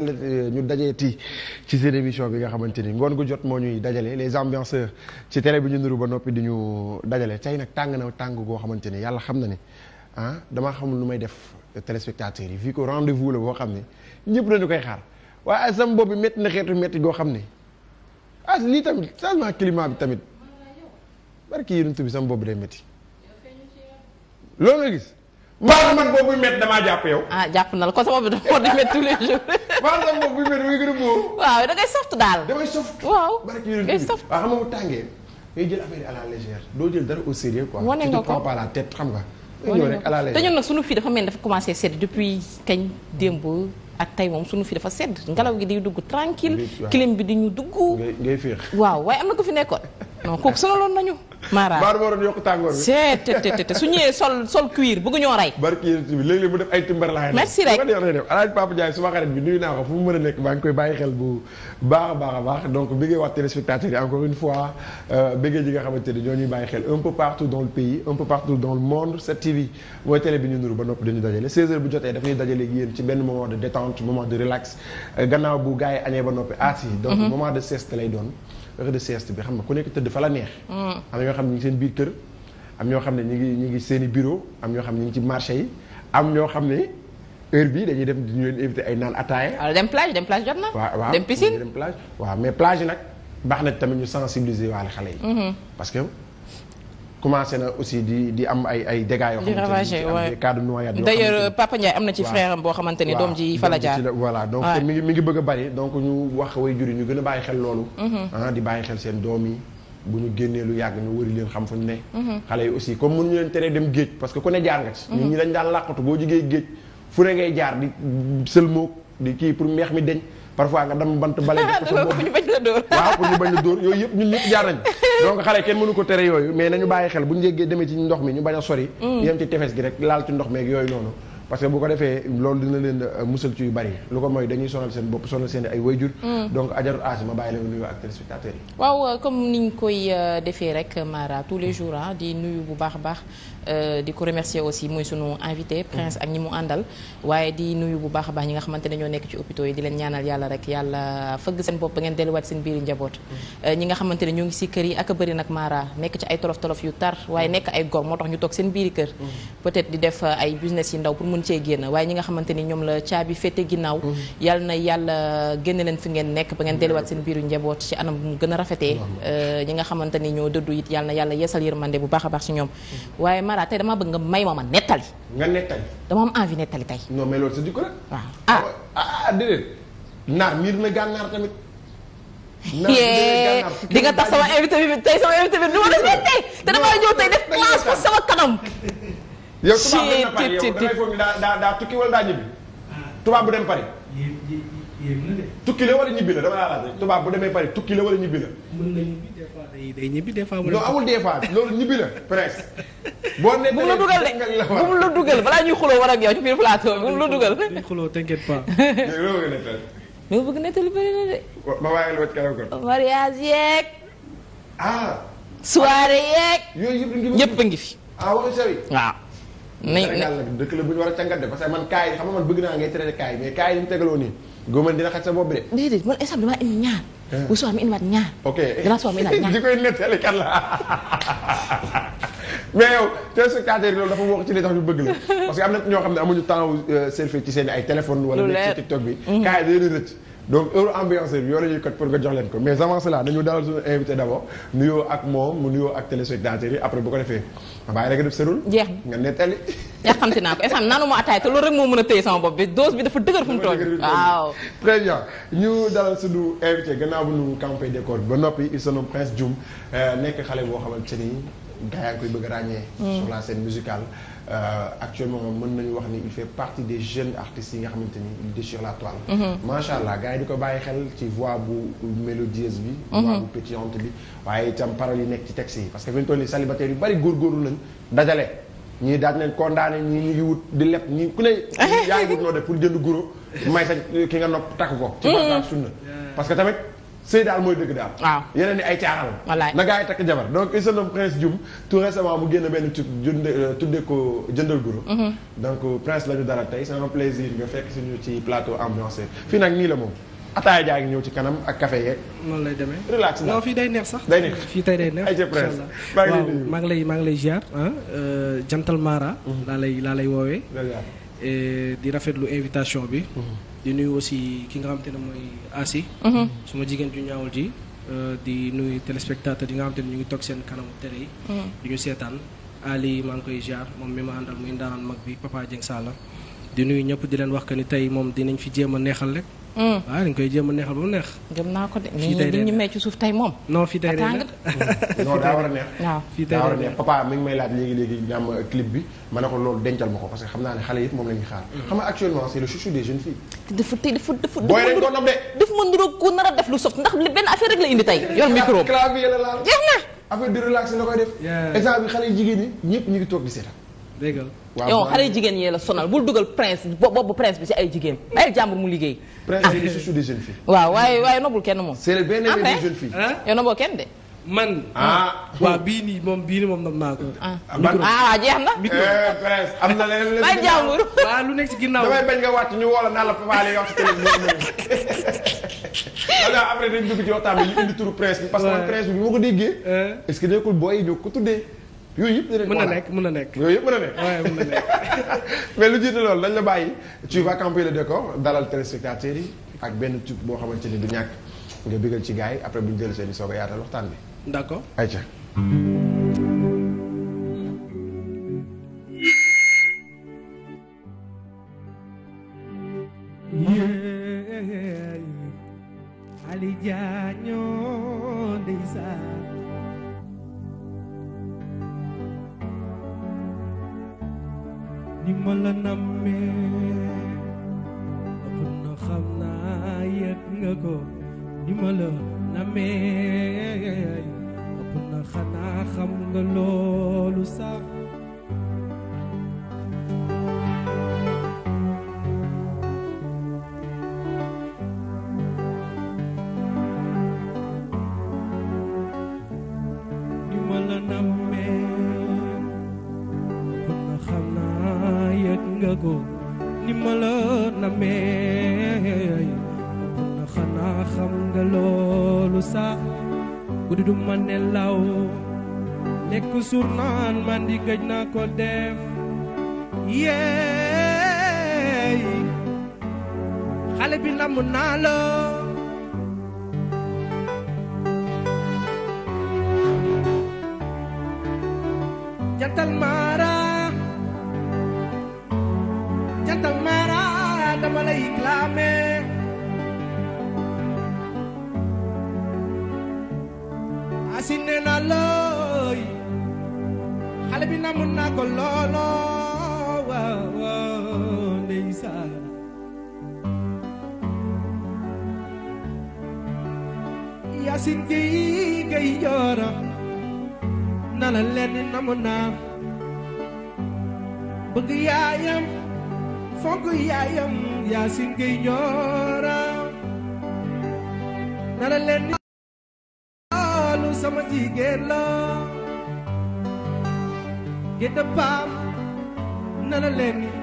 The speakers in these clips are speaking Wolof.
ñu dajeeti ci seen émission bi nga xamante ni ngoon gu jot moo ñuy dajale les ambianceurs ci télé bi ñu nuru ba noppi di ñu dajale tey nag tàng na tàng goo xamante ni yàlla xam na ni ah damaa xamul nu may def téléspectateurs yi fii ko rendez-vous la boo xam ne ñëpp dañu koy xaar waaye sama bopp bi métti na xeetu métti goo xam ne ah lii tamit changement climat bi tamit barki yéen bi sama bopp bi day métti loolu nga gis. maanaam man boobu muy damaa jàpp yow. ah jàpp na la ko sama bi dafa war di a wóor. waaw daal. da ngay soft waaw la légère jël dara au sérieux quoi. wane nga ko tu xam nga. wane nga ko te ñun nag fii dafa mel dafa commencé sedd depuis kañ démb. ak tey moom sunu fi dafa sedd ngelaw gi di dugg tranquille clim bi di ñu dugg. ngay ngay waaw waaye am na ko fi nekkoon non kooku sonaloon nañu. Mara Mara moo doon yokk tàngoor bi. su ñëwee sol sol cuir bëgg ñoo rey. barki bi léeg-léeg mu def ay timbar laay. nekk maa ngi koy bàyyi xel bu baax a baax a baax donc bëggee wax téléspectateurs yi encore une fois euh, bëggee ji nga xamante ni ñoo ñuy bàyyi xel un peu partout dans le pays un peu partout dans le monde cette TV mooy télé bi ñu nuru ba nopp dañu dajale 16h bu jotee daf ñuy dajale ak yéen ci benn moment de détente moment de relax euh, gannaaw bu gars añee ba noppi aas yi donc mm-hmm. moment heure de sieste bi xam nga ku nekk tëdd fa la neex. Mm. am ñoo xam ne ñu ngi seen biir kër. am ñoo xam ne ñu ngi ñu ngi seen i bureau am ñoo xam ne ñu ngi ci marché yi am ñoo xam ne heure bi dañuy dem di ñu leen invité ay naan ataaya. dem plage dem plage jot na. dem piscine dem waaw mais plage yi nag baax na tamit ñu sensibiliser waale xale yi. Mm-hmm. parce commencé na aussi di di am ay ay dégâts yoo. xamante ni am des cas de noyade yoo d'ailleurs Papa am na ci frère boo xamante ni doom ji fa la jaar voilà donc mi ngi mi ngi bëgg bari donc ñu wax way jur yi ñu gën a bàyyi xel loolu. Mhm. Ah, di bàyyi xel seen doom yi. bu ñu génnee lu yàgg ñu wëri leen xam fu ñu ne. Mhm. xale yi aussi comme mënuñu leen teree dem géej parce que ne jaar nga ci. Mhm. ñun ñi dañ daan làqatu boo jigee géej fu ne ngay jaar di sëlmoo di kii pour meex mi deñ parfois nga dam bant bale pour ñu bañ la dóor waaw pour ñu bañ la dóor yooyu yëpp ñun ñëpp jaar nañ donc xale kenn mënu ko tere yooyu mais nañu bàyyi xel bu ñu demee ci ndox mi ñu bañ a sori mm. yooyu noonu parce que bu ko defee loolu dina leen euh, musal ci yu bari lu ko mooy dañuy sonal seen bopp sonal seen ay wayjur mm. donc ajarut aasi ma bàyyi la nuyu ak téléspectateurs yi waaw euh, comme niñ koy euh, defee rek Mara tous les jours di nuyu bu baax baax Euh, di ko remercier aussi muy sunu invité prince ak ñi mu àndal waaye di nuyu bu baax a baax ñi nga xamante ñoo nekk ci hôpitaux yi di leen ñaanal yàlla rek yàlla fëgg seen bopp ba ngeen delluwaat seen biiri njaboot euh, ñi nga xamante ne yi ak a bëri nag maara nekk ci ay tolof tolof yu tar waaye nekk ay góor moo tax ñu toog seen biiri kër euh, ñoom la caabi féete ginnaaw mm-hmm. yàlla na yàlla génne leen fi ngeen nekk ba ngeen mm-hmm. delluwaat seen biiru njaboot ci anam bu mu gën a rafetee mm-hmm. ñi nga xamante ni ñoo dëddu it yàlla na yàlla yeesal yërmande bu baax a baax si ñoom Mara tey dama bëgg nga may ma ma nettali. nga nettali. dama am envie nettali tey. non mais loolu sa jikko rek. waaw ah. Ah. ah ah déedéet. naar miir na gànnaar tamit. di nga tax sama invité bi tey sama invité a nu ma respecté te dama ñëw tey def place pour sama kanam. yow tubaab ah. bu dem Paris tukki la wala ñibbi la tubaab bu demee Paris tukki la wala ñibbi la. mën na ñibbi des fois day ñibbi des fois. loolu amul des fois loolu ñibbi la presque. boo nee la dugal de bu mu la dugal balaa ñuy xuloo war ak yow ci biir plateau bi bu mu la dugal. dañuy xuloo bëgg na te lu bëri na de. ma waaye la wacc kanam kon. mariage yeeg. ah. a ngi fi. ah waxi sori. waaw. nañ la dëkk la bu ñu war a càngat de parce que man kaay xam nga man bëgg naa ngay traité kaay mais kaay yi mu tegaloo nii góoman dina xaj sa bopp de. déedéet man instant damaa indi ñaar. Eh. bu soo am indiwaat ñaar. ok dinaa soo am indiwaat ñaar di koy nettali kan la. mais yow téléspectateurs yi loolu dafa wax ci li tax ñu bëgg la parce que am na ñoo xam ne amuñu temps euh, selfie ci seen ay téléphone wala nekk ci TikTok bi. Mhm. kaay day rëcc. donc euro ambianceur bi yoo la pour nga jox leen ko mais avant cela dañu dalal suñu invité d' abord nuyoo ak moom mu nuyoo ak téléspectateurs yi après bu ko defee bàyyi rek def serul nga nettali yaa te naa ko instant naanu ma ataay te loolu rek moo mën a téye sama bopp bi dose bi dafa dëgër fu mu toll waaw très ñu dalal suñu invité gannaaw bu ñu campé décor ba noppi il se nomme Prince Dioum euh, nekk xale boo xamante ni gars yaa ngi koy bëgg ràññee. Mm. sur la scène musicale. Euh, actuellement mën nañu wax ni il fait partie des jeunes artistes yi nga xamante ni il la toile. Mm-hmm. macha allah gars yi di ko bàyyi xel ci voix bu mélodieuse bi. Mm-hmm. voix bu pétillante bi waaye itam paroles yi nekk ci texte yi parce que fi ñu toll nii célibataire yu bari góorgóorlu lañ dajale. ñii daal di leen ñii ñu ngi wut di leb ñii ku ne. yaa ngi noo def pour jënd guro may sa ki nga nopp takk ko. Mm-hmm. ci bànqaas sëy daal mooy dëgg daal. waaw yeneen ni ay caaxaan. wallaay na gaa yi takk jabar donc il se nomme Prince Dioum tout récemment mu génn benn tu tuddee ko jëndal guro. Mhm. donc Prince la ñu dara tey c'est un plaisir nga fekk suñu ci plateau ambiancé fii nag nii la moom. ataaya jaa ngi ñëw ci kanam ak café yeeg. noonu lay demee relax non fii day neex sax. day neex fii tey day neex. ay Prince maa ngi lay nuyu waaw maa ngi lay maa ngi lay ziar. Ah, euh, Jantal Mara. Mhm. laa lay laa lay woowee. di rafetlu invitation bi. Mhm. di nuyu aussi ki nga xam te ne mooy Asi. Mhm. suma jigéen ju ñaawul ji euh, di nuyu téléspectateur yi nga xam te ne ñu ngi toog seen kanamu tere yi. Mhm. di ñu seetaan Ali maa ngi koy jaar moom mi ma àndal muy ndaanaan mag bi Papa Dieng Salla di nuyu ñëpp di leen wax que ni tey moom dinañ fi jéem a neexal rek. waaw mm. ah, dañ koy jéem a neexal ba mu neex. gëm naa ko de mais ñu may ci suuf tey moom. non fii tey de daa war a neex. waaw fii tey a neex papa mi ngi may laaj léegi léegi ñaam euh, clip bi ma ne ko loolu dencal ma ko parce que xam naa ne xale yëpp moom la ñuy xaar. Mm. xam nga actuellement c'est le chouchou des jeunes filles. te dafa tey dafa dafa. booy rek doon am de. ma niroog ku nar a def lu soft ndax benn affaire rek la indi tey. yor micro bi jeex na. affaire de relax la koy xale jigéen ñi ñëpp ñu ngi toog di seetaan dëgg la yow xale jigéen yee la sonal bul dugal prince boobu prince bi ci ay jigéen bàyyil jàmbur mu liggéey. waaw waaye waaye nobul kenn moom. c'est jeex na. Eh, prince lu. bàyyi jàmbur waaw bi ñu indi turu prince bi. parce que ko booy yi ko tuddee yooyu yëpp dinañ ko mën na nekk mën na nekk yooyu yëpp mën na nekk mais lu jiite lool dañ la bàyyi tu vas la de décor dalal téléspectateurs yi ak benn tube boo xamante ni du ñàkk nga bégal ci gars yi après bu ñu dellu seen i soog a yaatal waxtaan bi d'accord ayca Ali ma la nammee ëpp na xam naa yëg nga ko ni ma la nammee ëpp na xanaa xam nga loolu sax la namee na xanaa xam nga loolu sax guddi du ma nelaw lekk suur naan man di gëj naa ko def yeey xale bi namm naa la jantal maa Xasin nee looy xale bi na mun naa ko looloo waaw ndeysaan Yaasin Géy Géy Joora na la leen na mun naa bëgg yaayam fonk yaayam Yaasin Géy Joora na la leen sama jigéen la gédda paam na la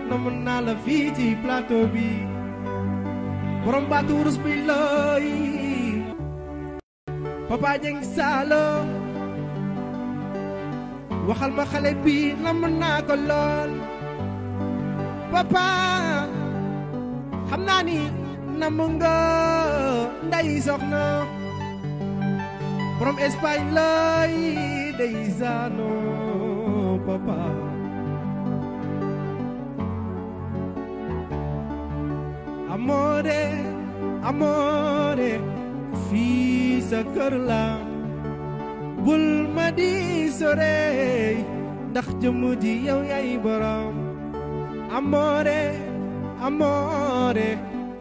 na mën la fii ci plateau bi borom baatu wurus bi looy papa jeng saalo waxal ma xale bi na mën naa ko xam naa na mu nday soxna borom Espagne lay deysaano papa amoore amoore fii sa la bul ma di sorey ndax jëmm ji yow yaay amoore amoore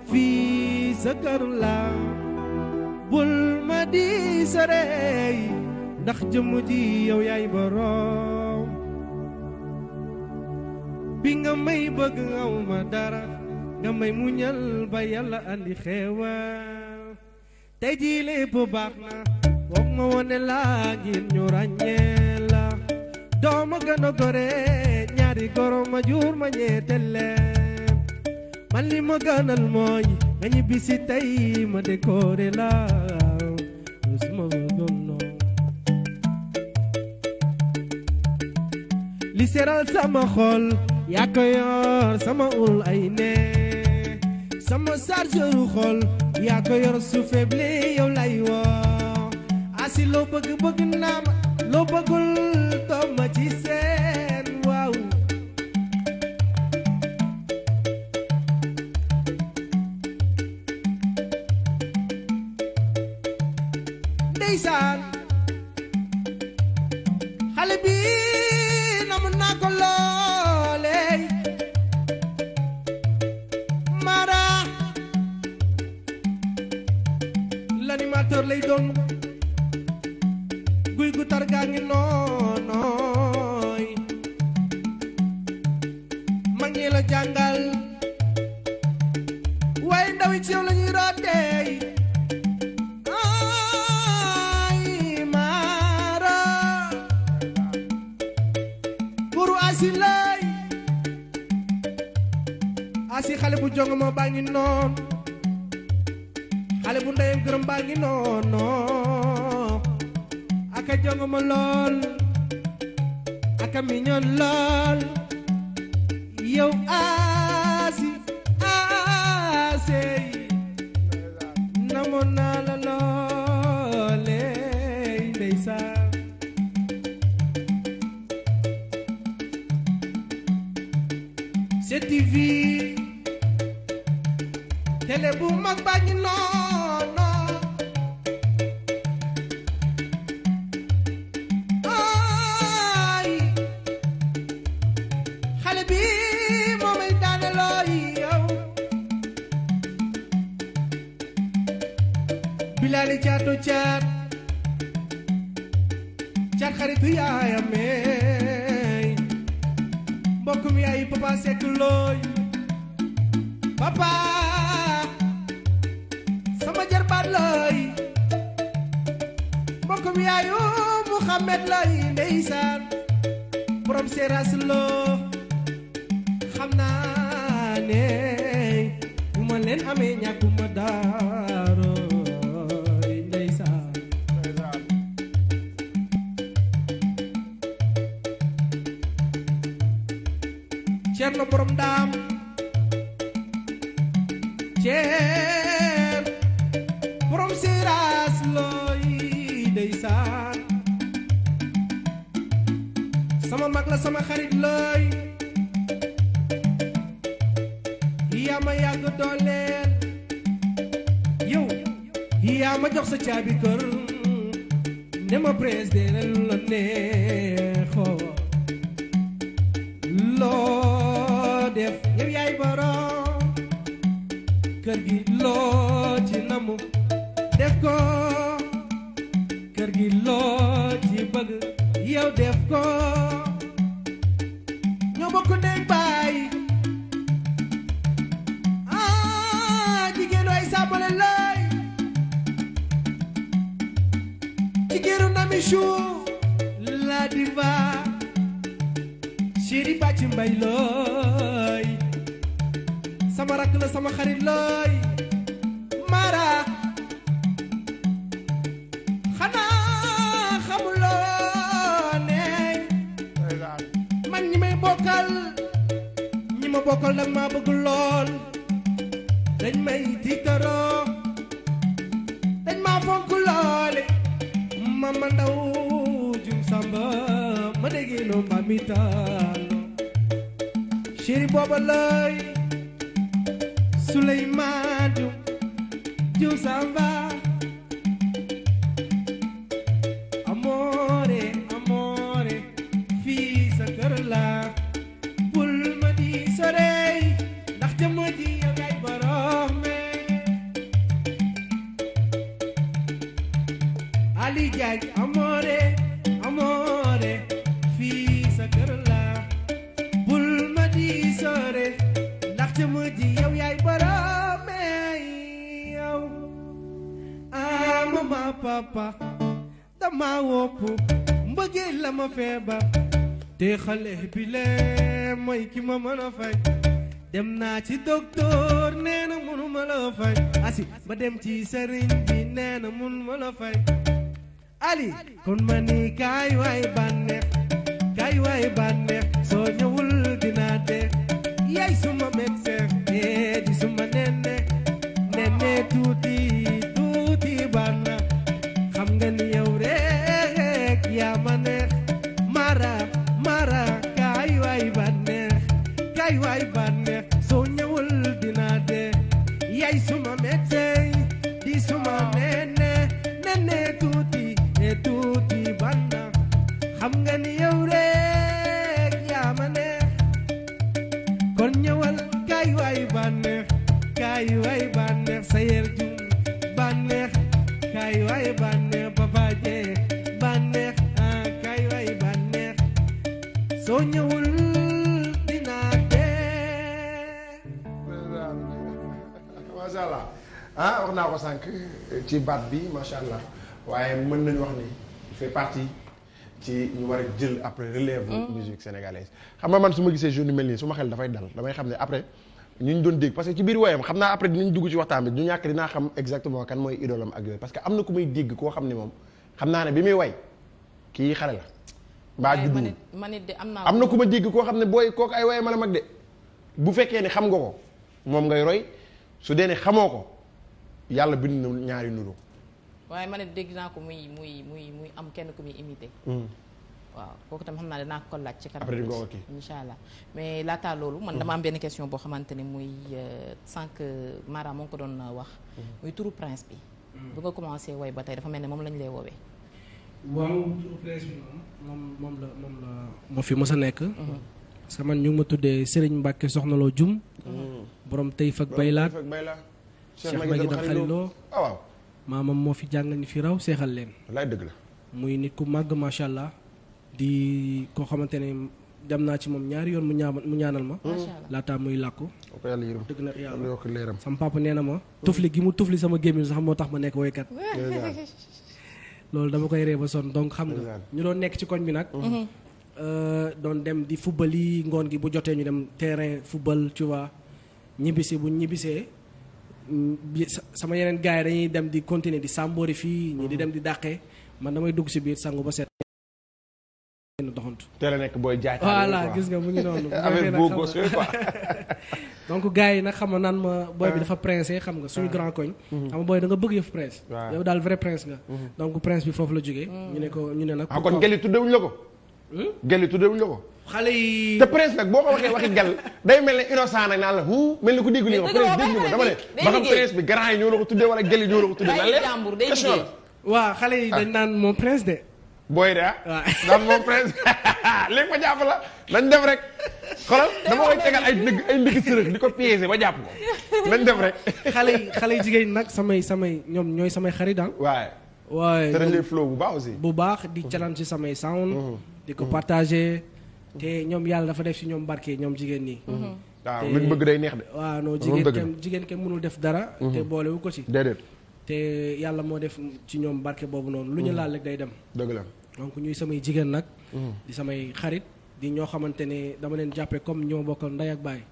fii sa bul ma di sorey ndax jëmm ji yow yaay boroom bi nga may bëgg aw ma dara nga may muñal ba yàlla andi xeewal tey jii lépp baax na boog ma wone laa ñu ràññee dooma gën a gore ñaari goro ma jur ma ñeete leen man li ma gënal mooy nga ñibbi si tey ma décoré la li seral sama xol yaa ko sama ul ay ne sama chargeru xol yaa ko su faible yow lay woo asi loo bëgg bëgg naa loo bëggul toog ma ci télé bu mag baa ngi noonu aas looy la sama xarit la neexoo loo def yow yaay borom kër gi loo ci namu def ko kër gi loo ci bëgg yow def ko ñoo bokk ndey baay bokkal nag maa bëgg lool dañ may tiitaroo dañ maa fonk loole mama ndaw jum samba ma déggeenoo mami taalo chéri booba lay Souleymane jum jum samba ma mën dem naa ci docteur nee na mënu ma la faj asi ba dem ci sëriñ bi nee na mënu ma ali kon ma ni kaay waay bànneex kaay waay bànneex soo ñëwul dinaa dee yaay suma médecin eh di suma macha allah ah wax naa ko sànq ci baat bi macha allah waaye mën nañu wax ni il fait partie ci ñu war a jël après relève mm. musique sénégalaise xam nga man su ma gisee journée mel nii su ma xel dafay dal damay xam ne après ñu ñu doon dégg parce ci biir woyam xam naa après dinañ dugg ci waxtaan bi du ñàkk dinaa xam exactement kan mooy idoolam ak yooyu parce que am na ku may dégg koo xam ne moom xam naa ne bi muy way kii xale la mbaa juddu manit de am naa am na ku ma dégg koo xam ne booy kooku ay waye man a mag bu fekkee ne xam nga ko moom ngay roy su dee ne xamoo ko yàlla bind na ñaari nuru waaye man it dégg naa ko muy muy muy muy am kenn ku muy imité. Hmm. waaw kooku tam xam naa dinaa ko laaj ci kanam. après di ko allah mais laataa loolu. man hmm. dama am benn question boo xamante ne muy euh, sànq Mara moo ngi ko doon wax. Hmm. muy turu prince bi. bu nga commencé woy ba tey dafa mel ni moom lañ lay woowee. waaw turu prince bi moom moom la moom la. moo fi mos a nekk. parce que man ñu ngi ma tuddee Serigne Mbacke Soxna Lo Jum. Mm. borom Taïf ak Baylaat Cheikh Magui Dam Xali Lo ah waaw maamam moo fi jàngal ñu fi raw seexal leen laay dëgg muy nit ku màgg macha allah di koo xamante ne dem naa ci moom ñaari yoon mu ñaa mu ñaanal ma laataa muy làkku dëgg na yàlla sama papa nee na ma tufli gi mu tufli sama gémmiñ sax moo tax ma nekk woykat loolu dama koy ree ba sonn donc xam nga ñu doon nekk ci koñ bi nag mm-hmm. Euh, doon dem di football yi ngoon gi bu jotee ñu dem terrain football tu ñibbisi bu ñibbisee mm, sama yeneen gars yi dañuy dem di continuer di sàmboori fii. di mm-hmm. dem di dàqee man damay dugg si biir sangu ba set. teel nekk booy jaay. gis nga mu ngi noonu. donc gars yi nag xam nga naan ma booy bi dafa prince xam nga suñu grand koñ. Mm-hmm. xam nga booy da nga bëgg yëf prince. yow daal vrai prince nga. Mm-hmm. donc prince bi foofu la jóge mm. ñu ne ko ñu ne nag. ah kon ngeli tuddewuñ la ko. Hmm? gelli tuddewuñ la ko. xale yi te prince nag boo ko waxee waxi gel day mel ne innocent nag naan la hu mel ni ku déglu ma prince déglu ma dama ne ba xam prince bi grand yi ñoo la ko ah. naan moom prince de booy de ah daan moom prince léegi ma la nañ rek xoolal dama koy tegal ay ay ndëgg sërëx di ko piégé jàpp ko nañ def rek xale yi xale yi nag samay samay ñoom ñooy samay xarit daal ah. waaye waaye te dañ flow bu baax aussi. bu baax di challenge ci samay sound. Mhm. di ko partager. te ñoom yàlla dafa def si ñoom barke ñoom jigéen ñi. waaw mhm. mhm. ah, luñ bëgg day neex de. waaw non jigéen kenn jigéen kenn mënul def dara. te boolewu ko ci. déedéet. te yàlla moo def ci ñoom barke boobu noonu. lu ñu laal day dem. dëgg la donc ñuy samay jigéen nag. di samay xarit di ñoo xamante ne dama leen jàppee comme ñoo bokkal ndey ak baay.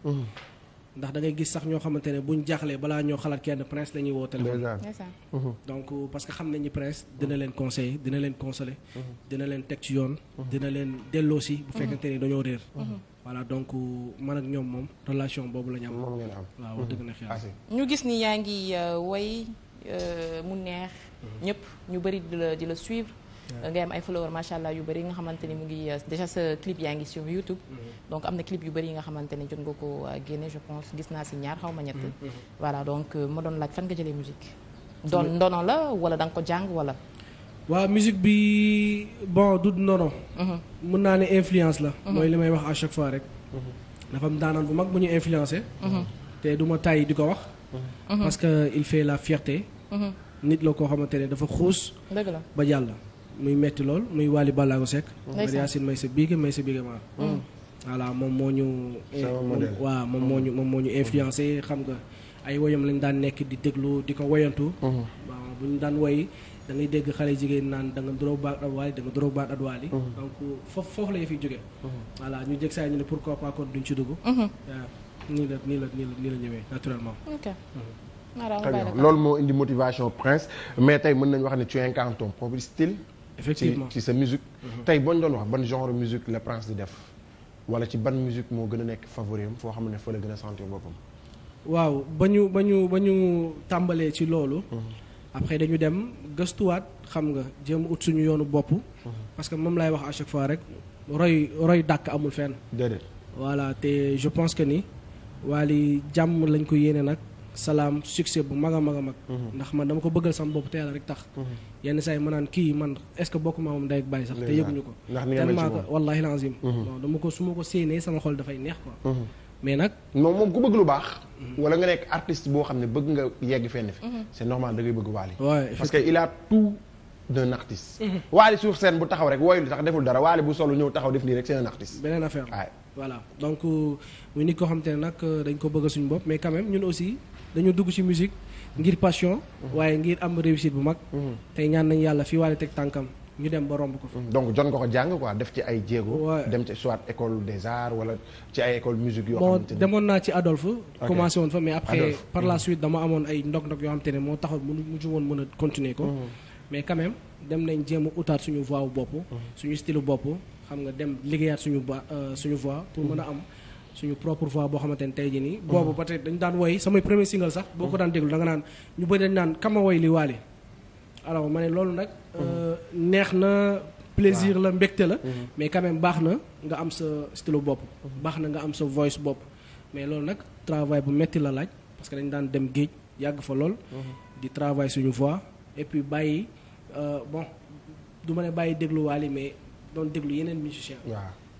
ndax da ngay gis sax ñoo xamante ne buñ jaaxlee balaa ñoo xalaat kenn prince la woo téléphone mhm. donc parce xam nañu prince dina leen conseiller dina leen mhm. teg ci yoon mhm. dina leen delloo bu fekkante ni dañoo réer voilà donc man ak ñoom moom relation boobu la am waaw wax dëgg na fi ñu gis ni yaa ngi euh, woy euh, mu neex ñëpp ñu bëri di la suivre nga am ay follower macha allah yu bëri yi nga xamante ni mu ngi uh, déjà sa clip yaa ngi sur YouTube. Mm-hmm. donc am na clip yu bëri nga xamante jot nga ko uh, génne gis naa si ñaar xaw ma ñett. Mm-hmm. voilà donc uh, ma doon laaj fan nga jëlee musique. doon ndono la wala da nga ko jàng wala. waaw musique bi bon du nono mm-hmm. mën naa ne influence la. mooy li may wax à chaque fois rek. dafa am daanaan bu mag bu ñu influencé. te du tàyyi di ko wax. parce il fait la fierté. nit la koo xamante ne dafa xuus. dëgg la ba muy metti lool muy Wally Ballago Seck. ndeysaan may sa biige may sa biige ma mm. voilà moom moo ñu. Eh, waaw moo ñu moo ñu influencé xam nga ay woyam lañ daan nekk di déglu di ko woyantu. waaw mm-hmm. bu ñu daan woy da ngay dégg xale jigéen naan da nga doro baat at waali da nga doro baat at waali. Mm-hmm. foofu foofu la fiy jógee. Mm-hmm. voilà ñu jég saa ñu ne pourquoi pas kon duñ ci dugg. waaw nii la nii la nii la nii la ñëwee naturellement. ok. loolu moo indi motivation Prince mais effectivement ci ci sa musique mhm. tey boo ñu doon wax ban genre musique la Prince di def wala ci ban musique moo gën a nekk favori foo xam ne fa la gën a sentir boppam waaw ba ñu ba ñu ba ñu tàmbalee ci loolu mhm. après dañu dem gëstuwaat xam nga jéem ut suñu yoonu bopp mhm. parce que moom laay wax à chaque fois rek roy roy dàkk amul fenn déedéet voilà te je pense que ni Wally jàmm lañ ko yéene nag salaam succès bu mag a mag a mag. Mhm. ndax man dama ko bëggal sama bopp te rek tax. Mhm. yenn saa yi ma naan kii man est ce que bokk maa moom day bàyyi sax. te yëguñu ko. ndax ni nga mhm. ma ko séenee sama xol dafay neex nekk artiste boo xam ne bëgg nga yegg a tout bu taxaw rek wooyul sax deful dara Wally bu solo ñëw taxaw def nii rek c'est un artiste. beneen affaire voilà donc euh, muy nit koo xam te nag euh, dañ ko bëgg suñu bopp mais quand ñun aussi dañoo dugg ci musique ngir passion. waaye ngir am réussite bu mag. Mhm. tey ñaan nañu yàlla fii waale teg tànkam ñu dem ba romb ko fa. donc jot nga ko jàng quoi def ci ay jéego. dem ci soit école des arts wala ci ay école musique yoo xamante ne demoon naa ci Adolphe. commencé woon fa mais après par la mhm. suite dama amoon ay ndog-ndog yoo xamante ne moo a mhm. dem nañ jéem a utaat suñu voix bopp. suñu style bopp xam nga dem liggéeyaat suñu ba euh, suñu voix pour mën a am. suñu propre voix boo xamante ne tey jii nii. Mm-hmm. boobu ba tey dañu daan woy samay premier single sax. boo ko daan déglu da nga naan ñu bëri dañu naan kama woy li waale. alors ma ne loolu nag. Mm-hmm. Euh, neex na. plaisir la mbégte la. Mm-hmm. mais quand baax na nga am sa style bopp. baax na nga am sa voice bopp. mais loolu nag travail bu métti la laaj parce que dañu daan dem géej yàgg fa lool. di travail suñu voix et puis bàyyi euh, bon du ma ne bàyyi déglu waale mais doon déglu yeneen musicien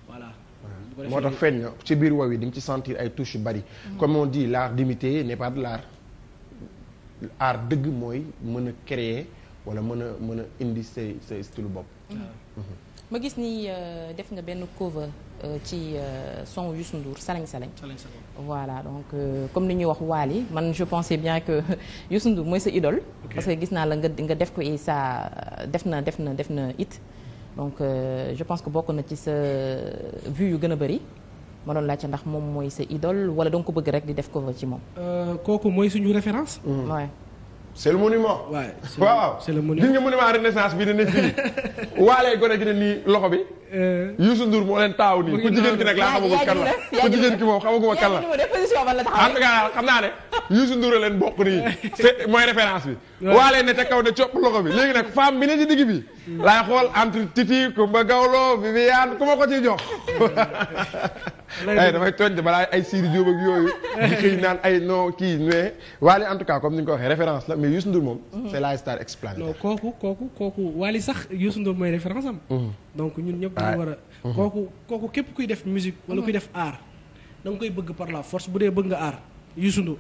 voilà. moo tax feeñ na ci biir woow yi di nga ci sentir ay touches yu bari. Mm-hmm. comme on dit l'art d'imiter n'est pas de dëgg mooy mën a créer wala mën a mën a indi say say style bopp. Mm-hmm. Mm-hmm. ma gis ni euh, def nga benn cover euh, ci euh, son Youssou Ndour salañ salañ voilà donc comme li ñuy wax Wally man je pense bien que Youssou Ndour mooy sa idole. parce que gis naa la nga nga def ko et ça def na def na def na it. donc euh, je pense que bokk na ci sa euh, vue yu gën a bëri ma doon laajte ndax moom mooy sa idole wala da ko bëgg rek di def ko ci moom. Euh, kooku mooy suñu référence. Mm. waaw. c'est le monument. waaw c'est le nga monument renaissance bi ne ne fii waalee gone gi ne nii loxo bi. Youssou Ndour moo leen taaw nii ku jigéen ki nag laa xamaguma kan la ku jigéen ki moom xamaguma kan la en tout cas xam naa ne Youssou Ndour a leen bokk nii c'est mooy référence bi. waale ne ca kaw ne copp loxo bi léegi nag femme bi ne ci digg bi. laay xool entre Titi Kumba Gawlo Viviane ku ma ko ci jox. ay damay tooñ balaa ay Siri Diop ak yooyu. di xëy naan ay noo kii mais waale en tout cas comme ni nga ko waxee référence la mais Youssou Ndour moom. Mhm. c'est la star explanétaire. kooku kooku kooku waale sax Youssou Ndour mooy référence am. Mhm. donc ñun ñëpp dañu war a. Mhm. kooku képp kuy def musique wala kuy def aar da nga koy bëgg par la force bu dee bëgg nga art Youssou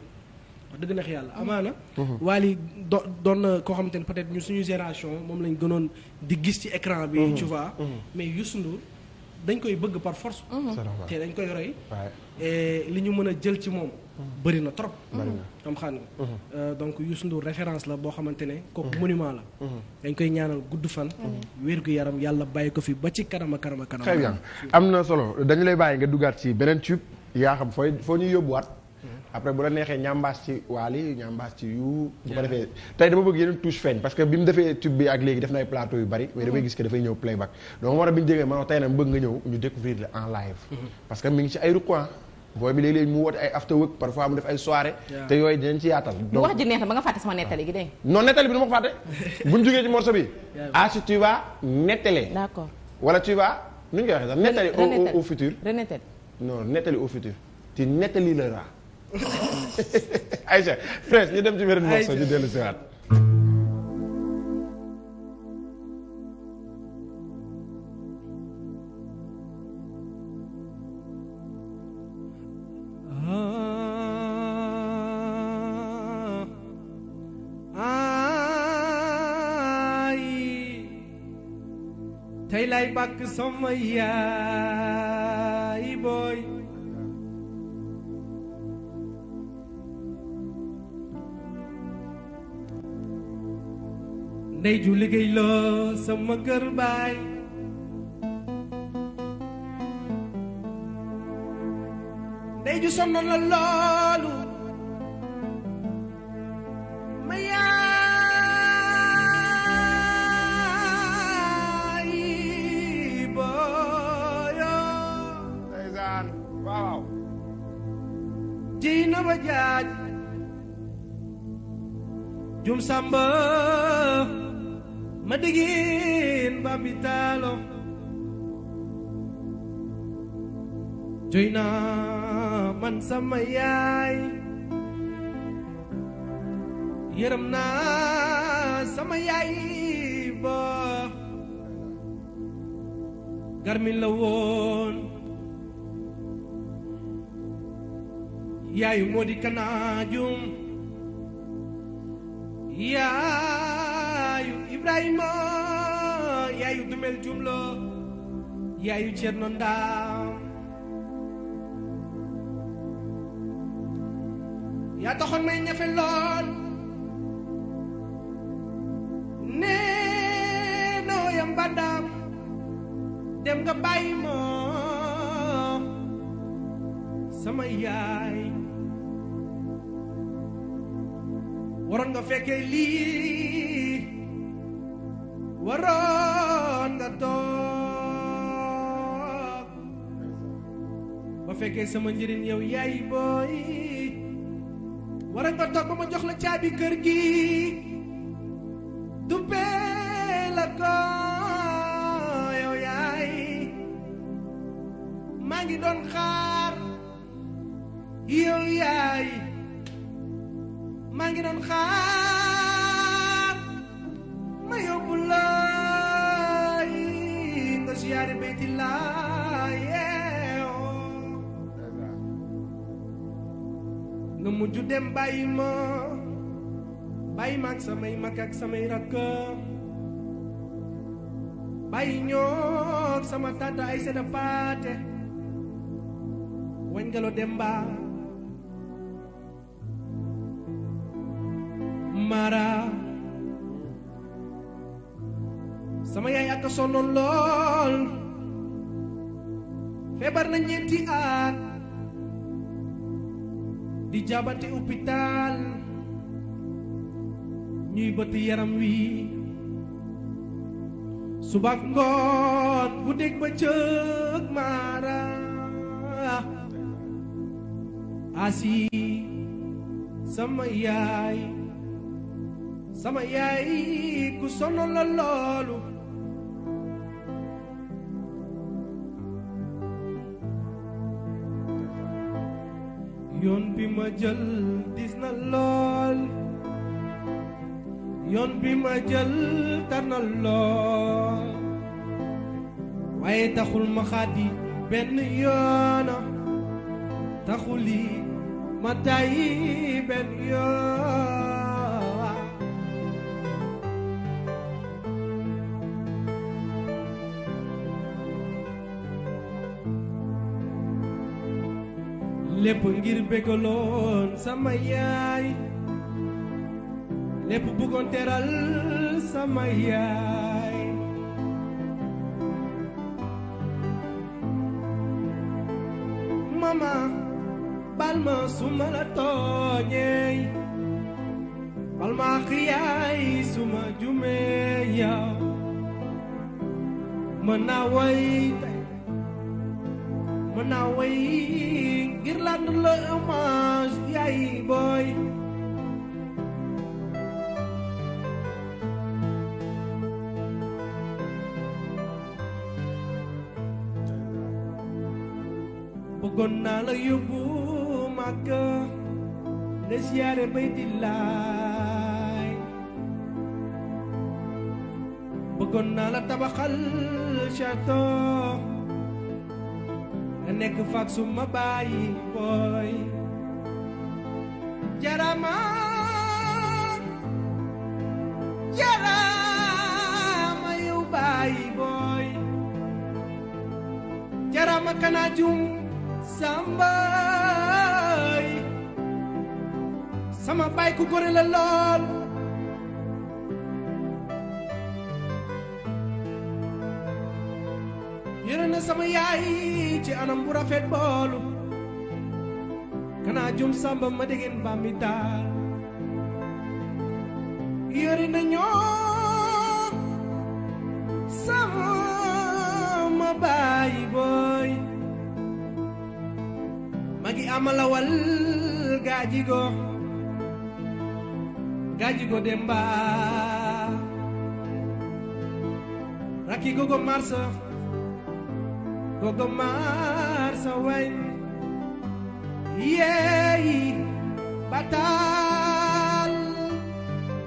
wax dëgg neex yàlla mm-hmm. amaana. Mm-hmm. Wally do doon na koo xamante ne peut-être ñu suñu génération moom lañ gënoon di gis ci écran bi. Mm-hmm. tu vois mais Youssou Ndour dañ koy bëgg par force. te dañ koy roy. li ñu mën a jël ci moom. bëri na trop. xam xam nga. donc Youssou Ndour référence la boo xamante ne. kooku monument la. dañ koy ñaanal gudd fan. wér gu yaram yàlla bàyyi ko fi ba ci kanam a kanam a kanam. am na solo dañu lay bàyyi nga dugaat ci beneen tube yaa xam fooy foo ñuy yóbbuwaat. après bu la neexee ñambaas ci waali ñambaas ci yu bu ko defee tey dama bëgg yeneen touche feeñ parce que bi mu defee tube bi ak léegi def na ay plateau yu bari mais damay mm-hmm. gis que dafay ñëw playback donc moo bi ñu déggee man tey nag bëgg nga ñëw ñu découvrir la en live mm-hmm. parce que mi ngi ci ay recoin ah. booy bi léeg-léeg mu woote ay after work parfois mu def ay soirée te yooyu dinañ ci yaatal donc wax ji neex na ba nga fàtte sama nettali gi dégg non nettali bi dama ko fàtte bu ah, ñu jógee Aïcha Prince ñu dem ci beneen morceau ñu dellu si waat. Ah, ah, tey lay bàkk sama yaay booy ndey ju liggéey loo sama kër baay ndey ju sonnoon la loolu ma yaay booyoo ndeysaan waaw diina ba jum samba madigin babitalo Joy na man sama yaay yërëm na sama yaay ba garmin la woon yaayu kanaajum yaa Ibrahima yaayu dumel jumlo yaayu Cerno Ndaam yaa taxoon may ñafe lool nee noo yam bandaam dem nga bàyyi moom sama yaay waroon nga fekkee lii waroon nga toog ba fekkee sama njëriñ yow yaay booy war nga toog ba ma jox la caabi kër gi duppee la ko yow yaay maa ngi doon xaar yow yaay maa ngi doon xaar mujj dem bàyyi ma bàyyi ma ak samay mag ak samay rakk bàyyi ñoog sama tànta mara sama yaay ak a sonnoon na ñeenti at di jabati hôpital ñuy bëtt yaram wi subaak ngoon bu maara asi sama yaay sama yaay ku sono ma na lool yoon bi ma jël tar na waaye taxul ma xaddi benn yoona taxuli ma tàyyi benn yoon lépp ngir bégaloon sama yaay lépp bëggoon teral sama yaay mama bal ma su ma bal ma xiyaay su ma jumee yow naa way mën naa way guirlande le hommage yaay booy bëggoon naa la yóbbu Màkka ne siyaare Bayti Laay bëggoon naa la tabaxal château nekk faak suma bàyyi booy jarama jarama yow booy jarama kana jum sama baay ku gore la lool yore sama yaay ci anam bu rafet boolu kana jum samba ma dégeen bambi taal yore na ñoom sama baay booy ma ngi amalawal gaajigo gaajigo demba rakki gogo marsa gogomar sa wayn yeyi batal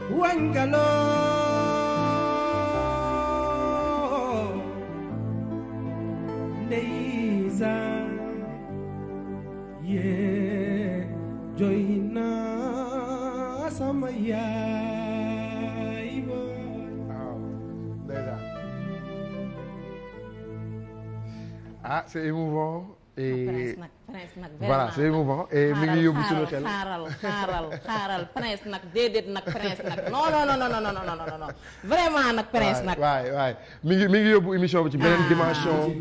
wangalo c' est émouvant. et prince nag voilà c' est émouvant et mi ngi yóbbu suñu xel xaaral xaaral xaaral prince nag déedéet nag prince nag non non non non non non non vraiment nag prince nag. waay waay mi ngi mi ngi yóbbu émission ci beneen ah. dimension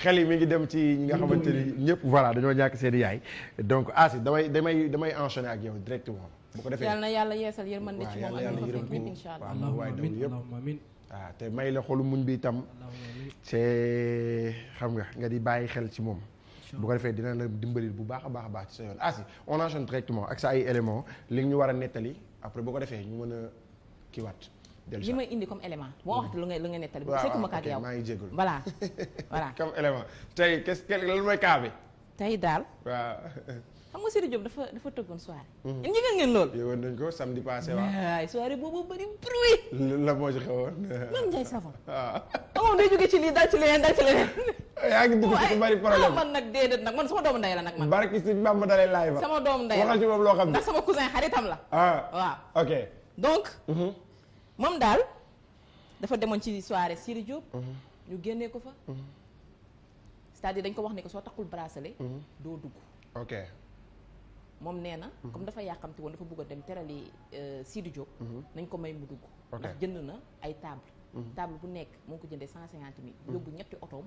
xel yi mi ngi dem ci ñi nga xamante ni ñëpp voilà dañoo ñàkk seen yaay donc Asi damay damay damay enchaîner ak yow directement. bu ko defee yal na yàlla yeesal yërmande ci moom ak ñu ko fekk incha allah waaw waaw ah, te may la xolu muñ bi itam c'est xam nga nga di bàyyi xel ci moom bu ko defee dina la dimbali bu baax a baax a baax ci sa yoon ah si on enchaîne directement ak sa ay éléments li ñu war a nettali après bu ko defee ñu mën a kiiwaat li may indi comme élément boo waxtu lu nga lu nga nettali bu fekkuma ak yow maa ngi jégalu voilà voilà comme élément tey qu'est-ce que lan mooy cas bi tey daal waaw xam nga Sidi Diop dafa dafa tëggoon soirée. Hmm. yéen yëgal ngeen lool. yëgoon nañ ko samedi passé waaw. waaye soirée boobu bëri bruit. la moo ci xewoon. Mame Ndiaye Savon. waaw ah. moom oh, day jóge ci lii daal ci leneen daal ci leneen. yaa ngi dugg ci bari problème man nag déedéet nag man sama doomu ndey la nag man. barki si Bamba dalay laay ba. sama doomu ndey la waxal ci moom loo xam ne. ndax sama cousin xaritam la. ah waaw ok. donc. Mm-hmm. moom daal dafa demoon ci soirée Sidi Diop. Mm-hmm. ñu génnee ko fa. Mm-hmm. cest dañ ko wax ne soo taxul bracelet. doo moom nee na. Mhm. comme dafa yàqamti woon dafa bëgg a dem terali euh, Sidi Diop. Mhm. nañ ko may mu dugg. ndax jënd na ay table mhm. table bu nekk moo ko jëndee cent cinquante mille. yóbbu ñetti otoom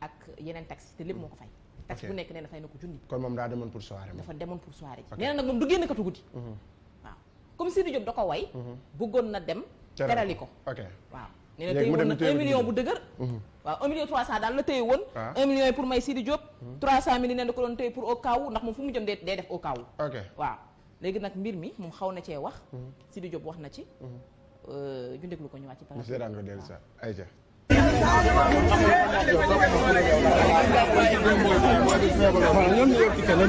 ak yeneen taxi te lépp moo ko fay. taxi bu nekk nee na fay na ko junni. kon moom daa demoon pour soirée. dafa demoon pour soirée ji. nee nag moom du génn katu guddi. waaw comme Sidi Diop da ko way. bëggoon na dem. terali ko ok waaw. nee na tey woon na million bu dëgër mhm. waaw 1 million 300 daal la téye woon 1 ah. million yi pour may Sidi Diop 300 mhm. mille nee na ko doon téye pour au ndax moom fu mu dee def au waaw léegi nag mbir mi moom xaw na cee wax mhm. Sidi Diop wax na ci euh, ñu déglu ko ñëwaat ci par rapport waaw ñoom ñoo ci kenn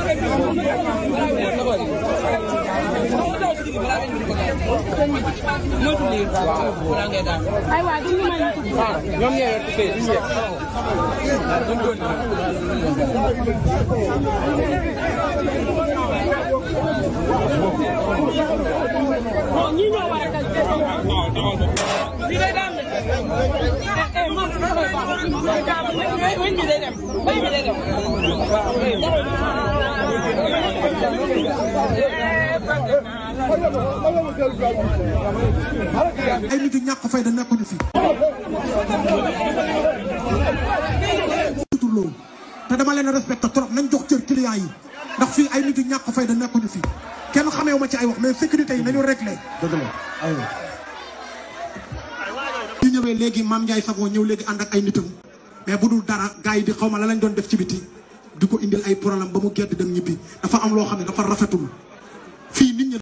ñëw moytu lii wala ngay daal. aywa du ñu mën a tudd. ñoom ñoo yor kii bi ñëpp. bon ñii ñoo war a dal. lii day daal de. eh eh ay nit yu fay da nekkuñu fi. te dama leen respecté trop nañ jox cër client yi ndax fii ay nit yu fay fayda nekkuñu fi kenn xamee ma ci ay wax mais sécurité yi nañu réglé. dëgg la ñëwee léegi maam njaay Savon ñëw léegi ànd ak ay nitam mais bu dul dara gars yi di xaw ma la lañ doon def ci biti di ko indil ay problème ba mu gedd dem ñibbi dafa am loo xam ne dafa rafetul. fii nit ñi